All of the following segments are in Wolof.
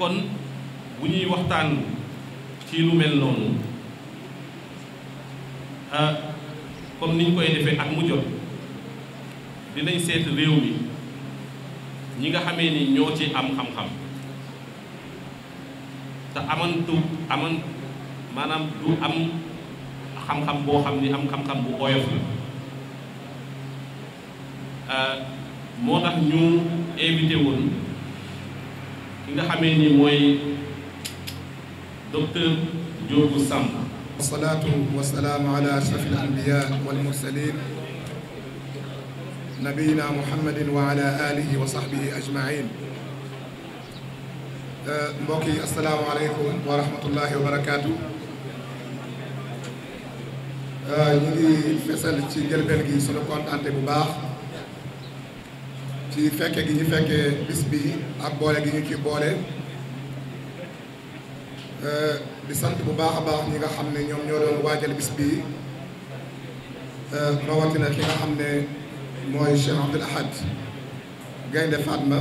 kon bu ñuy waxtaan ci lu mel noonu ah, comme niñ koy defee ak mu jot dinañ seet réew mi ñi nga xamee ni ñoo ci am xam-xam te amantu aman maanaam du am xam-xam boo xam ni am xam-xam bu oyof la ah, moo tax ñu invité woon ki nga xamee ni mooy docteur Diop Samb wasalaatu wasalaamu ala ashraf al anbiya wal mursalin nabiyina muhammadin wa ala alihi wa sahbihi ajmain mbokk yi asalaamaaleykum wa rahmatullahi wa barakaatu ñu ngi fesal ci njëlbeen gi sunu kontaante bu baax ci fekke gi ñu fekkee bis bi ak boole gi ñu ci boole euh, di sant bu baax a baax ñi nga xam ne ñoom ñoo doon waajal bis bi euh, rawatina ki nga xam ne mooy Cheikh Abdoul Ahad Gaynde Fatma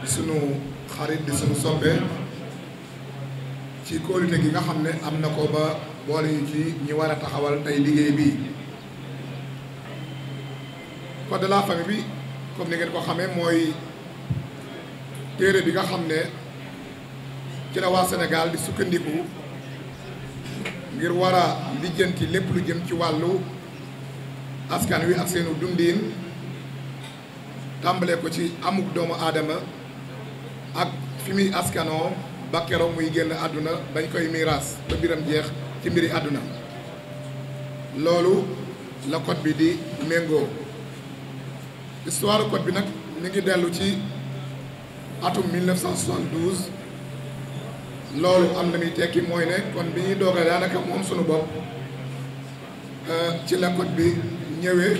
di sunu xarit di sunu soppe ci kóolute gi nga xam ne am na ko ba boole ñu ci ñi war a taxawal tey liggéey bi code de la famille bi comme ni ngeen ko xamee mooy téere bi nga xam ne ci la waa Sénégal di sukkandiku ngir wara a lijjanti lépp lu jëm ci wàllu askan wi ak seenu dundiin tàmbalee ko ci amuk doomu aadama ak fi muy askanoo ba keroog muy génn àdduna dañ koy miiras ba biram jeex ci mbiri àdduna loolu lakot bi di méngoo histoire code bi nag mi ngi dellu ci atum 1972 loolu am na muy tekki mooy ne kon bi ñuy doogale daanaka moom sunu bopp euh, ci la code bi ñëwee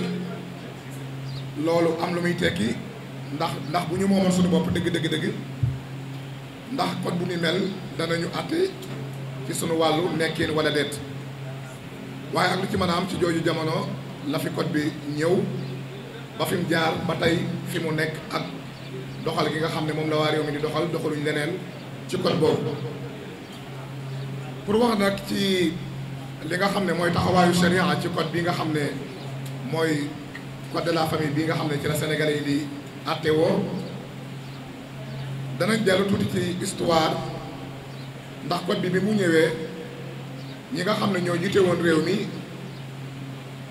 loolu am lu muy tekki ndax ndax bu ñu moomoon sunu bopp dëgg dëgg dëgg ndax code bu ni mel ñu àtte ci sunu wàllu nekkin wala déet waaye ak lu ci mën a am ci jooju jamono la fi code bi ñëw ba fi mu jaar ba tey fi mu nekk ak doxal gi nga xam ne moom la waa réew mi di doxal doxaluñ leneen ci code boobu pour wax nag ci li nga xam ne mooy taxawaayu sharia ci code bi nga xam ne mooy code de la famille bi nga xam ne ci la Sénégalais yi di àttewoo dana dellu tuuti ci histoire ndax code bi bi mu ñëwee ñi nga xam ne ñoo jiite woon réew mi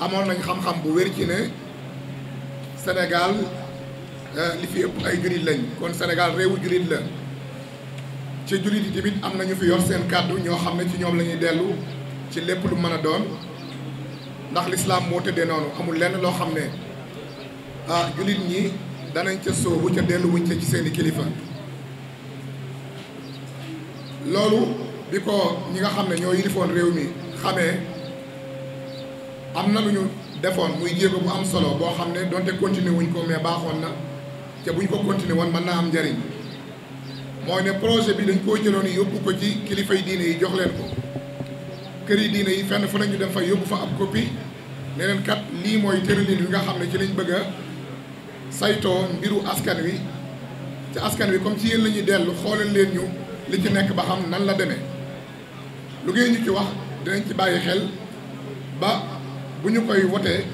amoon nañ xam-xam bu wér ci ne senegaal eh, li fi ëpp ay jullit lañ kon Sénégal réewu jullit la ci jullit yi tamit am nañu fi yor seen kàddu ñoo xam ne ci ñoom lañuy dellu ci lépp lu mën a doon ndax lislaam moo tëddee noonu amul lenn loo xam ne ah jullit ñi danañ ca sóobu ca dellu wuñ ca ci seeni kilifa loolu bi ko ñi nga xam ne ñoo yilifoon réew mi xame am na lu ñu defoon muy jéego bu am solo boo xam ne donte continuer wuñ ko mais baaxoon na te buñ ko continuer woon mën naa am njariñ mooy ne projet bi dañ koo jëloon yóbbu ko ci kilifay diine yi jox leen ko kër yi diine yi fenn fu nañu dem fa yóbbu fa ab copie ne leen kat lii mooy tëralin wi nga xam ne ci lañ bëgg sayto saytoo mbiru askan wi ci askan wi comme ci yéen la ñuy dellu xoolal leen ñu li ci nekk ba xam nan la demee lu ngeen ñu ci wax dinañ ci bàyyi xel bu ñu koy wotee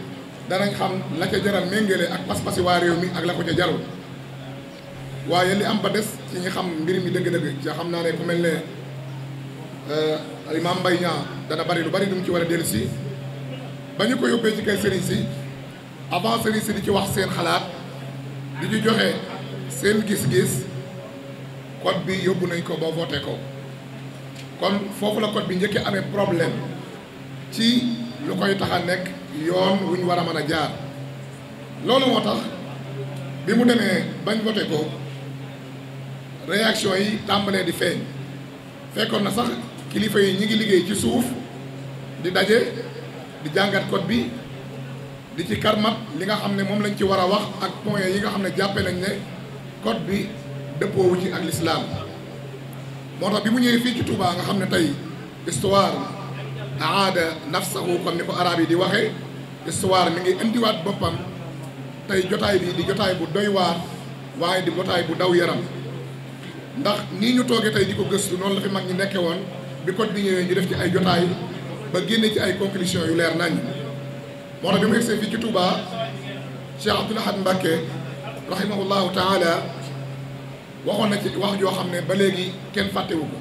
danañ xam la ca jaral méngale ak pas-pasi waa réew mi ak la ko ca jarul waaye li am ba des ci ñi xam mbir mi dëgg-dëgg ca xam naa ne ku mel ne euh, Imam Mbaye Niang dana bari lu bari lu mu ci war a dellu si ba ñu ko yóbbee ci kër sëriñ si avant sëriñ si li ci wax seen xalaat li ñu joxe seen gis-gis code bi yóbbu nañ ko ba voté ko kon foofu la code bi njëkk amee problème ci lu koy tax a nekk yoon wu ñu war a mën a jaar loolu moo tax bi mu demee bañ voté ko réaction yi tàmbalee di feeñ fekkoon na sax kilifa yi ñu ngi liggéey ci suuf di daje di jàngat code bi di ci karmat li nga xam ne moom lañ ci war a wax ak point yi nga xam ne jàppe nañ ne code bi dëppoowu ci ak lislaam moo tax bi mu ñëwee fii ci Touba nga xam ne tey histoire aada nafsahu comme ni ko arab yi di waxe histoire mi ngi indiwaat boppam tey jotaay bi di jotaay bu doy waar waaye di jotaay bu daw yaram ndax nii ñu toogee tey di ko gëstu noonu la fi mag ñi nekke woon bi code bi ñëwee ñu def ci ay jotaay ba génne ci ay conclusion yu leer nañ moo tax bi mu egsee fii ci Touba Cheikh Abdoul Ahad Mbacké rahimahullahu waxoon na ci wax joo xam ne ba léegi kenn fàttewu ko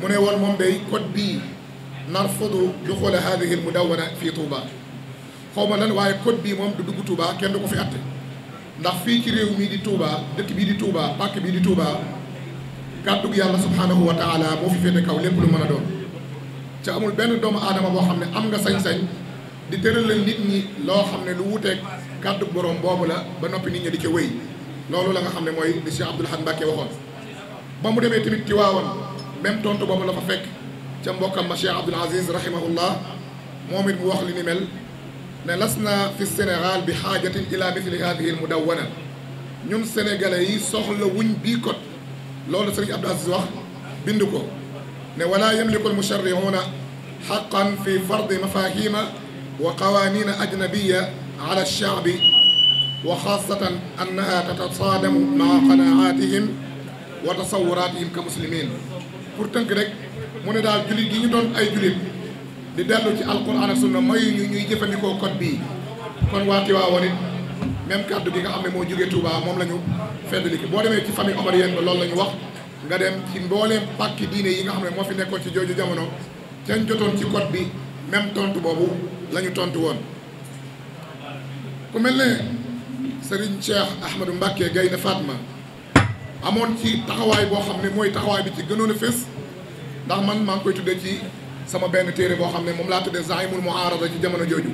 mu ne woon moom day code bii narfudu duxula hadihi almudawana fii Touba xaw ma lan waaye code bii moom du dugg Touba kenn du ko fi atte ndax fii ci réew mii di tuubaa dëkk bii di Touba pàkk bii di tuubaa Touba kàddug yàlla subhanahu wa taala moo fi féete kaw lépp lu mën a doon ca amul benn doomu aadama boo xam ne am nga sañ-sañ di tëralal nit ñi loo xam ne lu wuteeg kàddug borom boobu la ba noppi nit ñi di ca wéy loolu la nga xam ne mooy li Cheikh Abdoul Ahad Mbacké waxoon ba mu demee tamit Tiwaawan même tontu boobu la fa fekk ca mbokkam ma Cheikh Abdoul Aziz rahimahullah moom it mu wax li ni mel ne las na fi Sénégal bi xaajatin ila mithli hadihi al mudawwana ñun sénégalais yi soxla wuñ bii code loolu sëriñ Abdoul Aziz wax bind ko ne wala yamliku al musharrihuna xaqan fi fardi mafahima wa qawanina ajnabiya ala alshaabi wa xaasatan annaha tatasaadamu maa qanaatihim wa tasawuraatihim ka muslimin pour tënk rek mu ne daal jullit gi ñu doon ay jullit di dellu ci alquran ak sunna mayu ñu ñuy jëfandikoo code bii kon waa Tiwaawan it même kàddu bi nga xam ne moo jógee Touba moom la ñu feddali ki boo demee ci famille omarienne ba loolu la ñu wax nga dem ci mbooleem pàkki diine yi nga xam ne moo fi nekkoon ci jooju jamono cañ jotoon ci code bi même tontu boobu la ñu tontu woon ku mel ne Serigne Cheikh Ahmadou Mbacke Gaynde Fatma amoon ci taxawaay boo xam ne mooy taxawaay bi ci gënoon a fés ndax man maa ngi koy tuddee ci sama benn téere boo xam ne moom laa tuddee zaimul muarada ci jamono jooju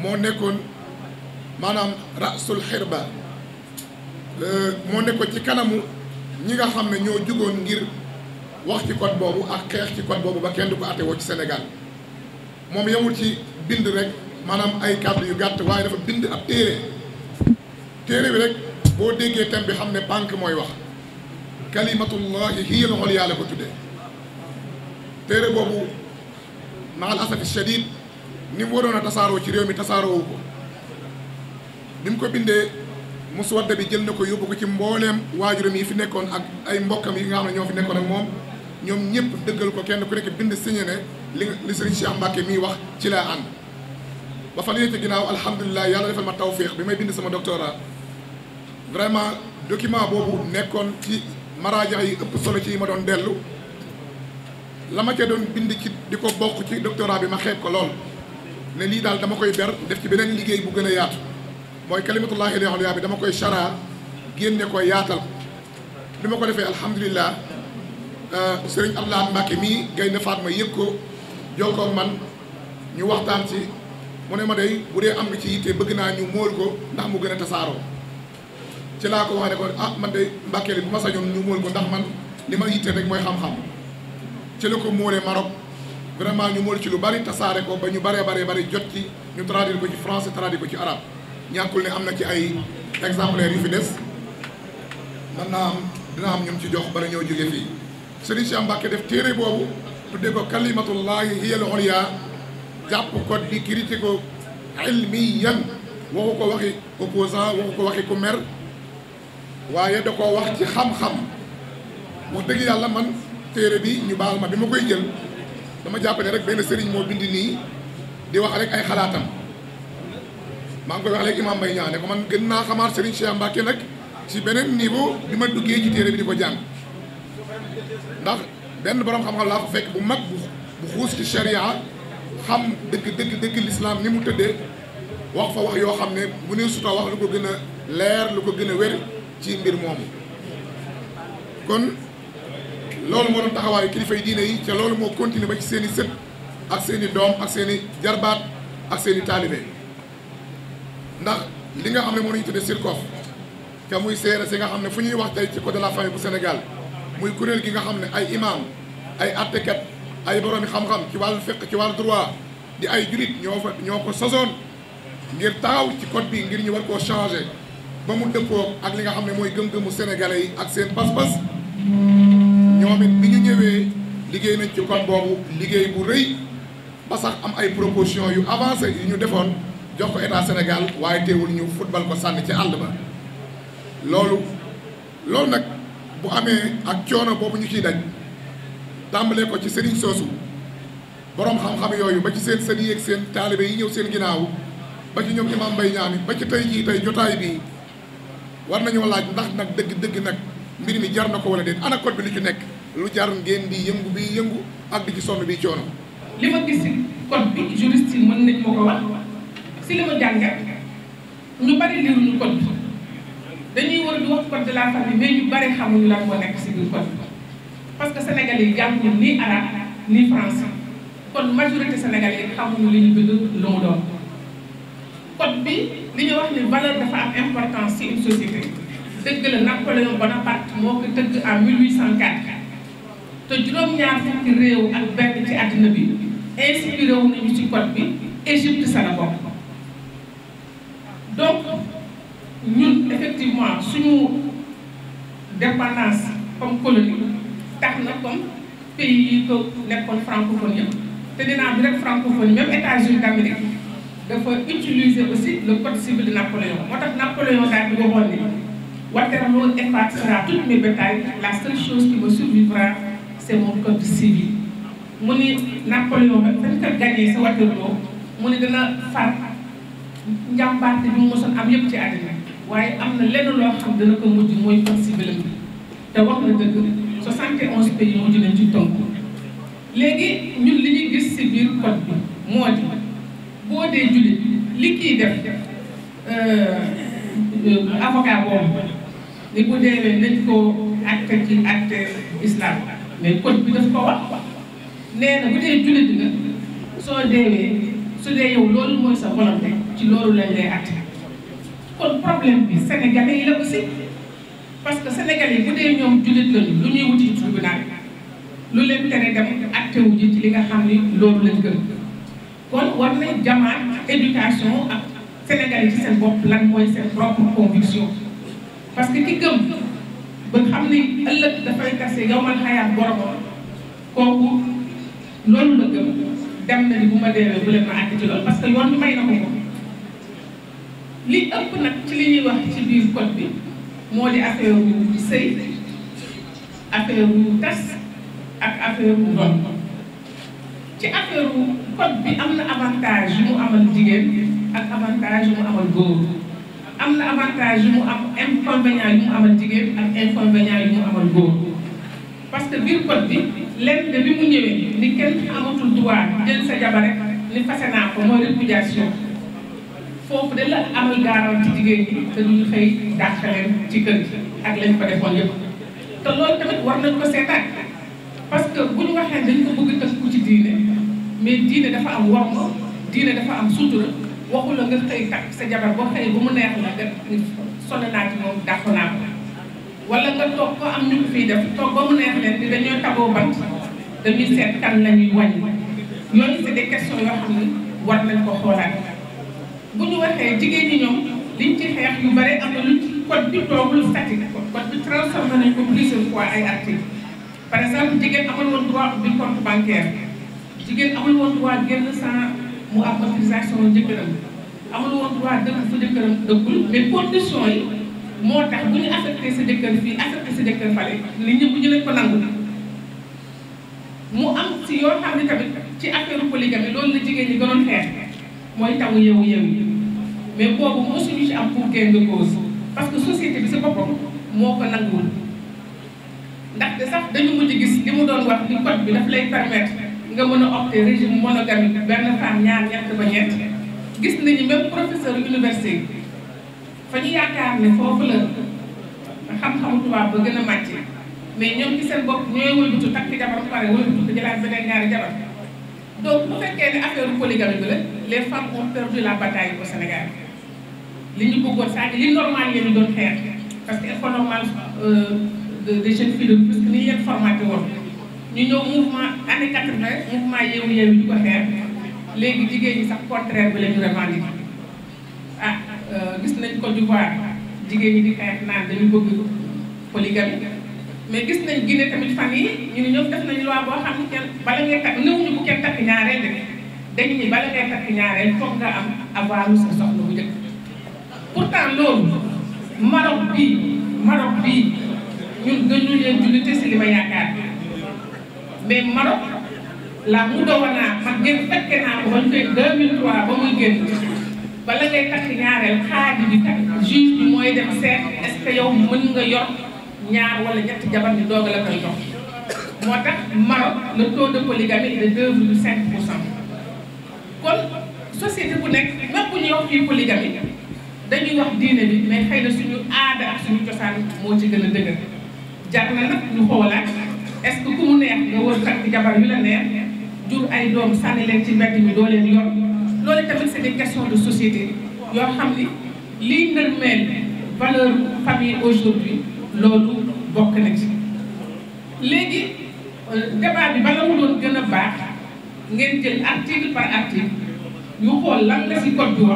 moo nekkoon maanaam rasul xirba euh, moo nekkoon ci kanamu ñi nga xam ne ñoo jugoon ngir wax ci code boobu ak xeex ci code boobu ba kenn du ko àtte woo ci Sénégal moom yemul ci bind rek maanaam ay kàddu yu gàtt waaye dafa bind ab téere téere bi rek boo déggee thème bi xam ne pànk mooy wax kalimatullahi hiya al ulya la ko tuddee téere boobu maal asafi shadid ni mu waroon a tasaaroo ci réew mi tasaaroowu ko ni mu ko bindee muswadda bi jël na ko yóbbu ko ci mbooleem waajuram yi fi nekkoon ak ay mbokkam yi nga xam ne ñoo fi nekkoon rek moom ñoom ñëpp dëggal ko kenn ku nekk bind signé ne li li sëriñ Cheikh Mbacke mii wax ci laa ànd ba fa li ci ginnaaw alhamdulilah yàlla defal ma tawféex bi may bind sama doctorat vraiment document boobu nekkoon ci maraaja yi ëpp solo ci yi ma doon dellu la ma ca doon bind ci di ko bokk ci doctorat bi ma xeeb ko lool ne lii daal dama koy ber def ci beneen liggéey bu gën a yaatu mooy kalimatullahi al-ulya bi dama koy chara génne ko yaatal bi ma ko defee alhamdulilah euh, sëriñ Abdoulaye Mbacke mii Gaynde Fatma yëg ko jokkoog man ñu waxtaan ci mu ne ma day bu dee am na ci yitte bëgg naa ñu móol ko ndax mu gën a tasaaroo ci laa ko wax ne ko ah man de Mbacke li bu ma sañoon ñu móol ko ndax man li ma yitte rek mooy xam ci la ko muuree Maroc vraiment ñu muur ci lu bari tasaare ko ba ñu baree baree bari jot ci ñu traduire ko ci français traduire ko ci arabe ñàkkul ne am na ci ay exemplaires yu fi des man naa am dina am ñum ci jox bala ñoo jógee fii Serigne Cheikh Mbacké def téere boobu tudde ko kalimatullahi hiya al-ulya jàpp ko di critiquer ko ilmiyan waxu ko waxi opposant waxu ko waxi ku mer waaye da ko wax ci xam-xam wax dëgg yàlla man téere bi ñu baal ma bi ma koy jël dama jàpp rek benn sëriñ moo bind nii di wax rek ay xalaatam maa ngi koy wax léegi Imam Mbaye Niang ne ko man gën naa xamaat sëriñ Cheikh Mbacke nag ci beneen niveau bi ma duggee ci téere bi di ko jàng ndax benn boroom xam-xam laa ko fekk bu mag bu xuus ci charia xam dëgg dëgg dëgg l'islam ni mu tëddee wax fa wax yoo xam ne mu ne suta wax lu ko gën a leer lu ko gën a wér ci mbir moomu kon loolu moo doon taxawaayu kilifa yi diine yi ca loolu moo continuer ba ci seeni i sët ak seeni doom ak seeni jarbaat ak seen i taalibe ndax li nga xam ne moo ñuy tuddee SYRCOF te muy CRS si nga xam ne fu ñuy wax tey ci code de la famille bu Sénégal muy kuréel gi nga xam ne ay imam ay attekat ay boroomi xam-xam ci wàllu fekk ci wàllu droit di ay jurit ñoo fa ñoo ko sosoon ngir taxaw ci code bi ngir ñu war koo changé ba mu dëppoo ak li nga xam ne mooy gëm-gëmu sénégalais yi ak seen pas ñoom it bi ñu ñëwee liggéey nañ ci kon boobu liggéey bu rëy ba sax am ay proposition yu avancé yu ñu defoon jox ko état Sénégal waaye teewul ñu football ko sànni ci àll ba loolu loolu nag bu amee ak coono boobu ñu ciy daj tàmbalee ko ci sëriñ soosu boroom xam-xam yooyu ba ci seen sëriñ yi ak seen taalibe yi ñëw seen ginnaaw ba ci ñoom imam bay ñaami ba ci tey jii tey jotaay bii war nañoo laaj ndax nag dëgg dëgg nag mbir mi jar na ko wala de ana code bi lu ci nekk lu jar ngeen di yëngu bi yëngu ak di ci sonn bi coono. li ma gis code bi juriste yi mën nañ ma ko wax si li ma jàngat ñu bari liruñu code bi dañuy war di wax code de la famille ñu bari xamuñu lan moo nekk si biir code parce que sénégalais yi jànguñu ni arabe ni français kon majorité sénégalais yi xamuñu li ñu bind lu mu doon code bi li ñu wax ni valeur dafa am importance si une dëgg la Napoléon Bonaparte moo ko tëgg en 1804 te juróom-ñaar fukki réew ak benn ci àddina bi inspiré wu nañu ci code bi Égypte sa la bokk donc ñun effectivement suñu dépendance comme colonie tax na comme pays yi ko nekkoon francophone te dinaa bi rek francophone même États-Unis d'Amérique dafa utiliser aussi le code civil de Napoléon moo tax Napoléon daal di waxoon Waterloo effacera toutes mes batailles la seule chose qui me survivra c'est mon code civil mu ni Napoléon nag dañ ko gagné sa Waterloo mu ni dana far njàmbaarte bi mu mosoon am yëpp ci àddina waaye am na lenn loo xam dana ko mujj mooy code civil bi te wax na dëgg 71 pays mujj nañ ci tonk léegi ñun li ñuy gis ci biir code bi moo di boo dee jullit li kii def euh, avocat boobu li bu deewee nañ ko àtte ci àtte islam mais code bi daf ko wax nee na bu dee jullit nga soo deewee su yow loolu mooy sa volonté ci loolu lañ lay àtte kon problème bi sénégalais yi la aussi parce que sénégalais bu dee ñoom jullit lañu lu ñuy wuti tribunal lu leen tere dem àtte wu ci li nga xam ni loolu lañ gën kon war nañ jamaat éducation ak ci seen bopp lan mooy seen propre conviction parce que ki gëm ba xam ne ëllëg dafay tase yow man xayaat boromam kooku loolu la gëm dem na ni bu ma deewee bu leen ma àgg ci loolu parce que yoon may na ko ko li ëpp nag ci li ñuy wax ci biir code bi moo di affaire wu sëy affaire wu tas ak affaire wu doon ci bi am na avantage yu mu amal jigéen ak avantage yu mu amal am na avantage yu mu am inconvénient yu mu amal jigéen ak inconvénient yu ñu amal góor parce que biir code bi lenn de bi mu ñëwee ni kenn amatul droit jël sa jabar rek ni fase naa ko mooy répudiation foofu de la amal garanti jigéen ñi te duñu xëy dàq leen ci kër gi ak lañ ko defoon yëpp te loolu tamit war nañ ko seetaat parce que bu ñu waxee dañ ko bëgg tënku ci diine mais diine dafa am worma diine dafa am sutura waxula nga xëy kat sa jabar boo xëyee ba mu neex la nga sonn naa ci moom dàqu naa wala nga toog ko am ñu ko fii def toog ba mu neex leen ni dañoo taboo bant dañuy seet kan la ñuy wàññi yooyu c'est des questions yoo xam ne war nañ ko xoolaat bu ñu waxee jigéen ñi ñoom liñ ci xeex yu bare am na lu ci code bi toogul statique code bi transformé nañ ko plusieurs fois ay articles par exemple jigéen amul woon droit ubbi compte bancaire jigéen amul woon droit génn sans mu am autorisation jëkkëram amul woon droit dëkk fu jëkkëram dëkkul mais condition moo tax bu ñu affecté sa jëkkër fii affecté sa jëkkër fale li ñu bu ñu leen ko nangu mu am si yoo xam ne tamit ci affaire polygamie loolu la jigéen ñi gënoon xeex mooy tawu yeewu yeewu yi mais boobu moo suñu ci am pour gain de cause parce que société bi si boppam moo ko nanguwul ndaxte sax dañu mujj gis li mu doon wax ni code bi daf lay permettre nga mën a opté régime monogamique benn femme ñaar ñett ba ñett gis nañu même professeur université fa ñu yaakaar ne foofu la xam-xamu tubaab ba gën a màcc mais ñoom ci seen bopp ñooy wëlbatu takk jabar pare wëlbatu ko jëlaat beneen ñaari jabar donc bu fekkee ne affaire polygamie bi la les femmes ont perdu la bataille au Sénégal li ñu bëggoon saa li normal la ñu doon xeex parce que école euh, de de jeunes parce que ni yéen formaté woon. ñu ñëw mouvement année quatre-vingt mouvement yeewu yeewu ñu ko xeer léegi jigéen ñi sax contraire bi la ñu revendiqué ah euh, gis nañ Côte d'Ivoire jigéen ñi di xeex naan dañu bëgg polygamie mais gis nañ Guinée tamit fan yi ñu ne ñoom def nañ loi boo xam ne kenn bala ngay takk néewuñu bu kenn takk ñaareel de dañu ni bala ngay takk ñaareel foog nga am avoir sa soxla bu njëkk pourtant loolu Maroc bii Maroc bii ñun gënuñu leen jullite si li ma yaakaar mais Maroc la mu doon naa man ngeen fekke naa ko ba ñu koy 2003 ba muy génn bala ngay takk ñaareel xaaj bi takk juge bi mooy dem seet est-ce que nga yor ñaar wala ñetti jabar ni doog la koy jox moo tax Maroc le taux de polygamie est de 2,5 pour cent kon société bu nekk même bu ñuy wax fii polygamie dañuy wax diine bi mais xëy na suñu aada suñu cosaan moo ci gën a dëgër jar nag ñu xoolaat. est-ce que ku mu neex nga wër takk jabar yu la neex jur ay doom sànni leen ci mbedd mi doo leen yor loolu tamit c'est des questions de société yoo xam ni liy ndërmeel valeur famille aujourd'hui loolu bokk na ci léegi euh, débat bi bala mu doon gën a baax ngeen jël article par article ñu xool lan la ci code bi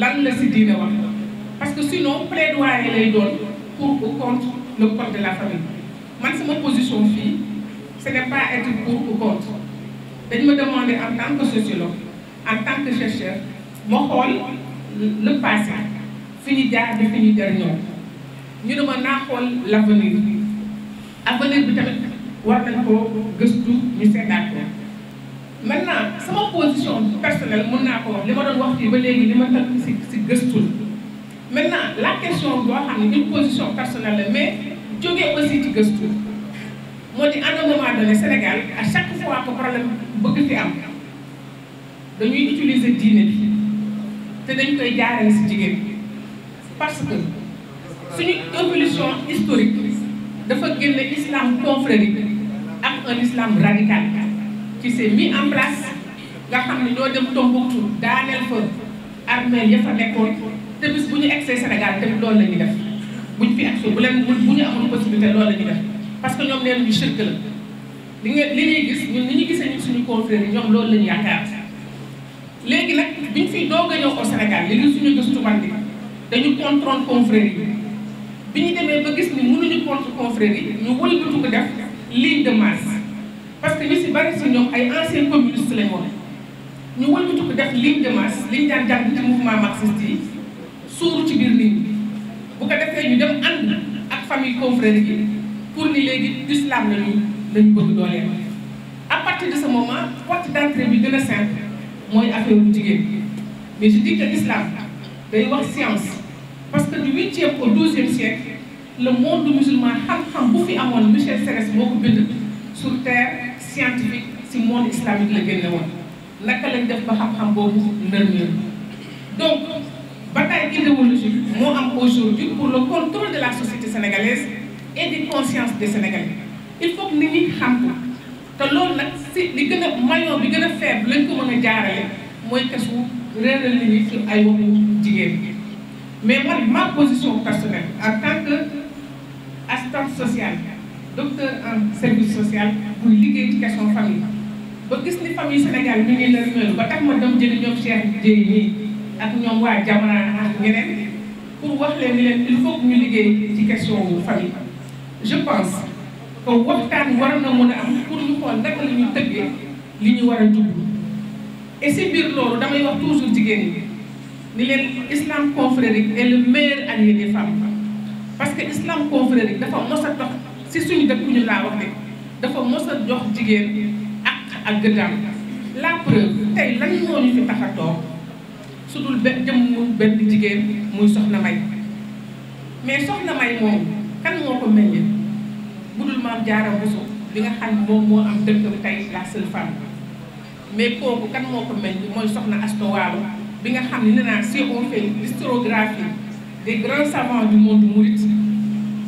lan la ci diine wax parce que sinon plaidoyer lay doon pour ou contre le la famille man sama position fii ce n'est pas être pour ou contre dañ ma demander en tant que sociologue en tant que chercheur ma xool le passé fi ñu jaar bi fi ñu jëriñoo ñu dama naa xool l'avenir avenir bi tamit war nañ ko gëstu ñu seddaat ko maintenant sama position personnelle mun naa ko wax li ma doon wax fii ba léegi li ma tënk si si gëstul maintenant la question boo xam ne une position personnelle la jógee aussi ci gëstu moo di à un moment donné Sénégal à chaque fois que problème bëgg fi am dañuy utiliser diine bi te dañ koy jaarale si jigéen parce que suñu évolution historique dafa génne islam confrérique ak un islam radical ci s'est mis en nga xam ne ñoo dem Tombouctou daaneel fa armée ya fa nekkoon te bis bu ñu egsee Sénégal tamit loolu la ñuy def. buñ fi ak bu leen bu ñu amoon possibilité loolu la ñuy def parce que ñoom nee nañu shirk la li nga li gis ni ñu gisee ñun suñu confrères yi ñoom loolu la ñu léegi nag biñ fiy doog a ñëw au Sénégal li suñu gëstu man bi dañu contrôle confrères yi bi ñu demee ba gis ni mënuñu contre confrères yi ñu wëlbatu ko def ligne de masse parce que ñu si bari si ñoom ay anciens communistes lañ woon ñu wëlbatu ko def ligne de masse liñ daan jàng ci mouvement marxiste yi suuru ci biir nit ñi bu ko defee ñu dem ànd ak famille confrère gi pour ni léegi l'islam lañu lañu bëgg dooleel à partir de ce moment porte d'entrée bi gën a simple mooy affaire bu jigéen mais je dis que day wax science parce que du huitième au douzième siècle le monde musulman xam-xam bu fi amoon Michel Serres moo ko bind sur terre scientifique si monde islamique la génne woon ka lañ def ba xam-xam boobu ndërmeel donc bataille idéologique moo am aujourd'hui pour le contrôle de la société sénégalaise et de consciences des Sénégalais il faut ni nit xam ko te loolu nag si li gën a maillon bi gën a faible lañ ko mën a jaarale mooy kasu réeral nit ñi ci ay waxu jigéen mais man ma position personnelle en tant que assistante sociale docteur en service sociale pour liggéey ci question famille ba gis ni famille Sénégal ñu ngi la réeral ba tax ma dem jëli ñoom Cheikh Ndiaye nii. ak ñoom waa Jamra ak ñeneen pour wax leen leen il faut ñu liggéey ci question wu famille je pense que waxtaan war na mën a am pour ñu xool naka la ñu tëggee li ñu war a jublu et si biir loolu damay wax toujours jigéen ñi ni leen islam confrérique est le meilleur allié des femmes parce que islam confrérique dafa mos a dox si suñu ñu laa wax ne dafa mos a jox jigéen ak ak gëddaam la preuve tey lan moo ñu fi tax a toog su dul benn jëmm benn jigéen muy soxla may mais soxna may moom kan moo ko meññe bu dul maam jaara Bousso bi nga xam moom moo am dëkk la seule femme mais kooku kan moo ko meññ Asto Waalo bi nga xam ne nee naa si on fait l'historiographie des grands savants du monde mouride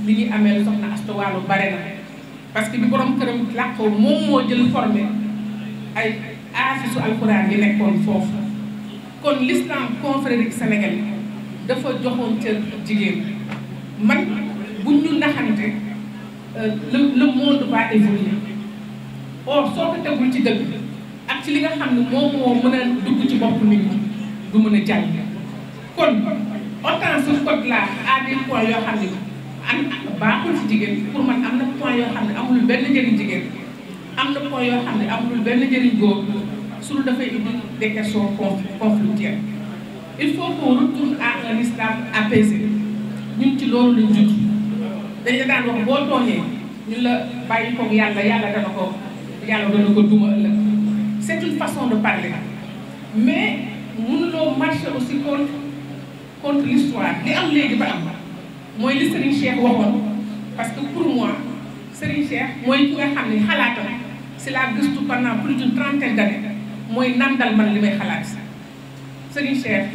li ñuy amee soxna Asto Waalo bare na parce que bi borom këram làqoo moom moo jël formé ay aafisu alxuraan yi nekkoon foofu kon l'islam confrérie sénégalais dafa joxoon cër jigéen man bu ñu naxante euh, le le monde va évoluer or soo ko tegul ci dëgg ak ci li nga xam ne moom moo mën a dugg ci bopp nit ñi du mën a jàng kon autant ce code là a des points yoo xam ne am baaxul ci jigéen pour man am na point yoo xam ne amul benn njëriñ jigéen am na point yoo xam ne amul benn njëriñ góor sul dafay indi des questions conflictuelles il faut qu'on retourne à un islam apaisé ñun ci loolu lañ jug dañu daan wax boo tooñee ñun la bàyyi koog yàlla yàlla dana ko yàlla dana ko duma ëllëg c'est une façon de parler mais mënuloo marcher aussi contre contre l'histoire li am léegi ba am mooy li Serigne Cheikh waxoon parce que pour moi Serigne Cheikh mooy ki nga xam ne xalaatam si la gëstu pendant plus d'une trentaine d'années mooy nandal man li may xalaat sax sëriñ Cheikh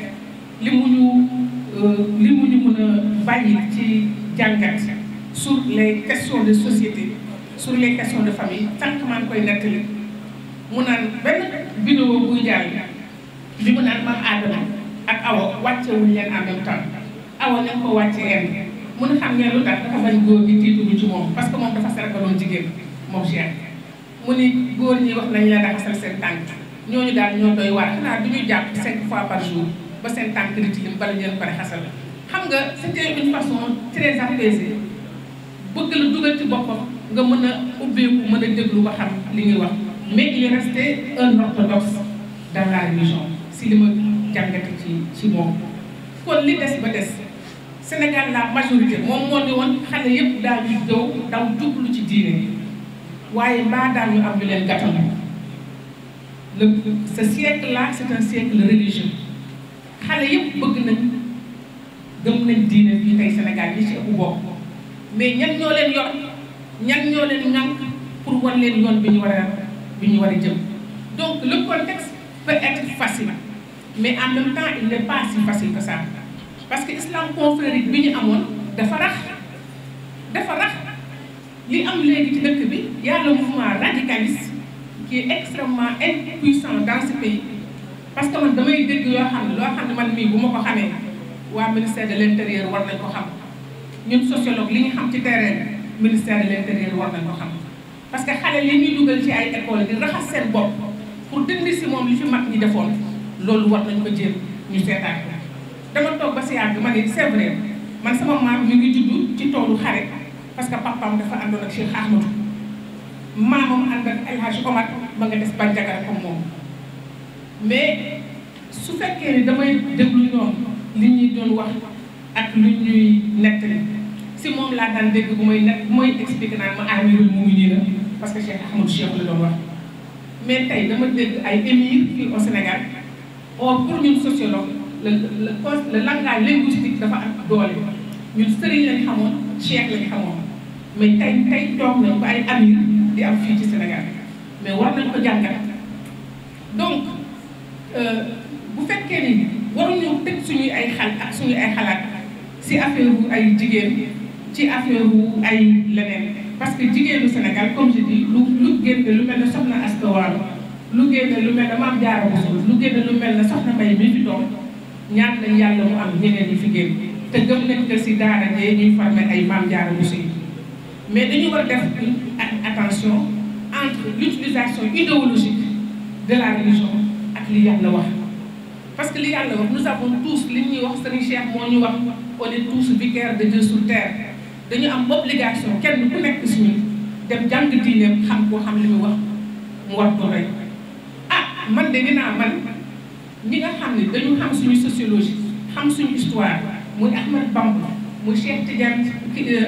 li mu ñu euh, li mu ñu mën a bàyyi ci jàngat sur les questions de société sur les question de famille tant man koy nettali mu naan benn vidéo buy jàll li mu naan maam Adama ak Awa wàccewuñ leen en même temps Awa nañ ko wàcce ren mun a xam ne lu tax dafa bañ góor gi tiituñu ci moom parce que moom dafa saragaloon jigéen moom Cheikh mu ni góor ñi wax nañ la dafa sal seen tànk ñooñu daal ñoo doy waar xanaa du ñu jàpp cinq fois par jour ba seen tànk di tilim bala ngeen pare xasal la xam nga c'était une façon très apaisée bëgg la dugal ci boppam nga mën a ubbeeku mën a déglu ba xam li ñuy wax mais il est resté un orthodoxe dans la si li ma jàngate ci ci moom kon li des ba des Sénégal la majorité moom moo ne woon xale yëpp daal ñu daw daw jublu ci diine waaye maa daal ñu am ñu leen gàttandu le ce la là c'est un siècle religieux xale yëpp bëgg nañ gëm nañ diine fii tey Sénégal yi ci ëpp mais ñan ñoo leen yor ñan ñoo leen ñànk pour wan leen yoon bi ñu war a bi ñu war a jëm donc le contexte peut être facile mais am même temps il n'est pas si facile que ça parce que islam confrérique bi ñu amoon dafa rax dafa rax li am léegi ci dëkk bi y mouvement radicaliste kii est extrêmement impuissant dans ce pays parce que man damay dégg yoo xam ne loo xam ne man mii bu ma ko xamee waa ministère de l' intérieur war nañ ko xam ñun sociologue li ñu xam ci terrain ministère de l' intérieur war nañ ko xam parce que xale li ñuy dugal ci ay école di raxas seen bopp pour dindi si moom li fi mag ñi defoon loolu war nañ ko jéem ñu seetaan dama toog ba si yàgg ma ne c'est vrai man sama maam ñu ngi juddu ci toolu xare parce que papaam dafa àndoon ak Cheikh maamam ànd ak El Hadj Omar ma nga des Bandiagara comme moom mais su fekkee ni damay déglu ñoom li ñuy doon wax ak lu ñuy nettali si moom laa daan dégg bu may nett bu ma amirul mu ngi nii la parce que Cheikh Ahmadou la doon wax mais tey dama dégg ay émir fii au Sénégal or la ñun sociologue le le le langage linguistique dafa am doole ñun sëriñ lañ xamoon Cheikh lañ xamoon mais tey tey toog nañ ko ay amir di am fii ci Sénégal mais war nañ ko jàngat donc euh, bu fekkee ni waruñu teg suñuy ay xal ak suñuy ay xalaat si affaire wu ay jigéen ci affaire wu ay leneen parce que jigéenu senegal comme je dis lu lu génne lu mel ne soxna Asta Walo lu génne lu mel ne Maam Jaara Bousso lu génne lu mel ne soxna Mbay mi fi doom ñaan lañ yàlla mu am ñeneen ñi fi génn te gëm nañ que si daara ñuy former ay Maam Jaara Bousso yi mais dañu war a def attention entre l'utilisation idéologique de la religion ak li yàlla wax parce que li yàlla wax nous avons tous li ñuy wax Serigne Cheikh moo ñu wax on est tous vicaires de Dieu sur terre dañu am obligation kenn ku nekk si ñun dem jàng diineem xam koo xam li mu wax mu war ko rey ah man de dinaa man ñi nga xam ne dañu xam suñu sociologie xam suñu histoire muy Ahmad Bamba mu Cheikh Tidiane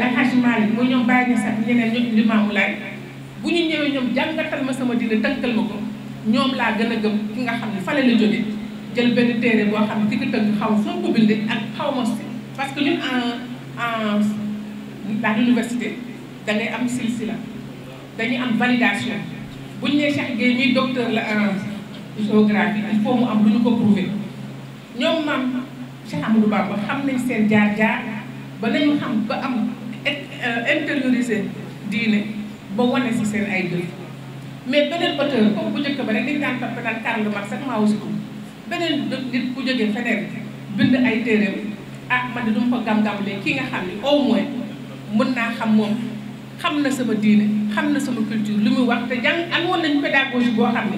Alhaji euh, Malick mooy ñoom bàyyi na sax ñeneen ñoom Limaamu Laay bu ñu ñëwee ñoom jàngatal ma sama dina tënkal ma ko ñoom laa gën a gëm ki nga xam ne fale la jóge jël benn téere boo xam ne ki ko tënk xaw soo ko bindee ak xaw ma parce que ñun en en la université dangay am silsila dañuy am validation bu ñu nee Cheikh Gueye ñuy docteur la en il faut mu am lu ñu ko prouver ñoom maam Cheikh Amadou Bamba xam nañ seen jaar-jaar. ba nañu xam ba am euh, intérioriser diine ba wane si seen ay jëf mais beneen auteur comme bu njëkk ba rek dañ daan topp naan Karl Marx ak Mao Zedong beneen nit bu jógee feneen bind ay téeréem ah man de du ma ko gam-gamlee ki nga xam ni au moins mën naa xam moom xam na sama diine xam na sama culture lu muy wax te jàng am woon nañu pédagogie boo xam ne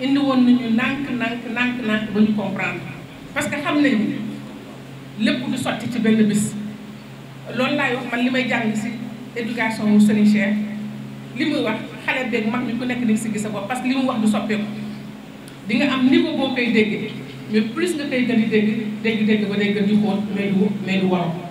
indi woon nañu nànk nànk nànk nànk ba ñu comprendre parce que xam nañu lépp du sotti ci benn bis loolu laay wax man li may jàng si éducation wu Serigne Cheikh li muy wax xale beeg mag mi ku nekk di si gis sa bopp que li mu wax du soppeeku di nga am niveau boo koy dégg mais plus nga koy gën di dégg dégg-dégg ba day gën di xóot mais du mais du waroon.